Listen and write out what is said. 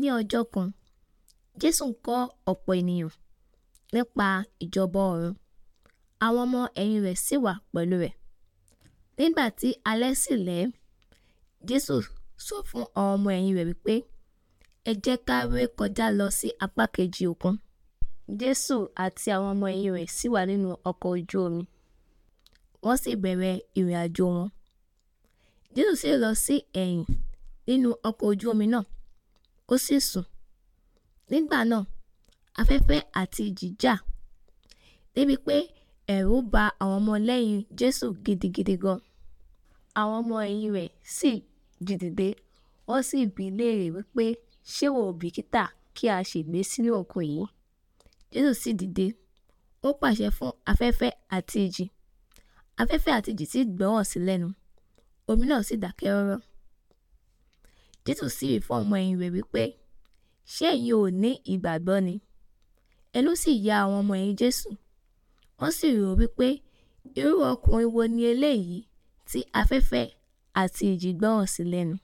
Ní ọjọ́ kan, Jésù ń kọ́ ọ̀pọ̀ ènìyàn nípa ìjọba ọ̀run, àwọn ọmọ ẹ̀yìn rẹ̀ sì wà pẹ̀lú rẹ̀. Nígbà tí alẹ́ sì lẹ́, Jésù sọ fún àwọn ọmọ ẹ̀yìn rẹ̀ wípé, "Ẹ jẹ́ ká ré kọjá lọ sí apá kejì òkun." Jésù àti àwọn ọmọ ẹ̀yìn rẹ̀ sì wà nínú ọkọ̀ ojú omi, wọ́n sì bẹ̀rẹ̀ ìrìnàjò wọn. Jésù sì lọ sí ẹ̀yìn nínú ọkọ̀ ojú omi náà ó sì sùn. Nígbà náà, afẹ́fẹ́ àti ìjì débi pé ẹ̀rù ba àwọn ọmọlẹ́yìn Jésù gidigidi gan. Àwọn ọmọ-ẹ̀yìn rẹ̀ sì jí dìde wọ́n sì bi í léèrè wípé ṣé wọn ò bìkítà kí a ṣègbé sínú òkun yìí? Jésù sì dìde, ó pàṣẹ fún afẹ́fẹ́ àti ìjì. Afẹ́fẹ́ àti ìjì sì gbọ́rọ̀ sí lẹ́nu, omi náà sì dákẹ́ rọ́rọ́. Jésù sì wí fún ọmọ ẹ̀yìn rẹ̀ wípé, “Ṣé ẹ̀yin ò ní ìgbàgbọ́ ni?” Ẹnu sì ya àwọn ọmọ-ẹ̀yìn Jésù, wọ́n sì rò ó wípé irú ọkùnrin wo ni eléyìí tí afẹ́fẹ́ àti ìjì gbọ́ràn sí lẹ́nu?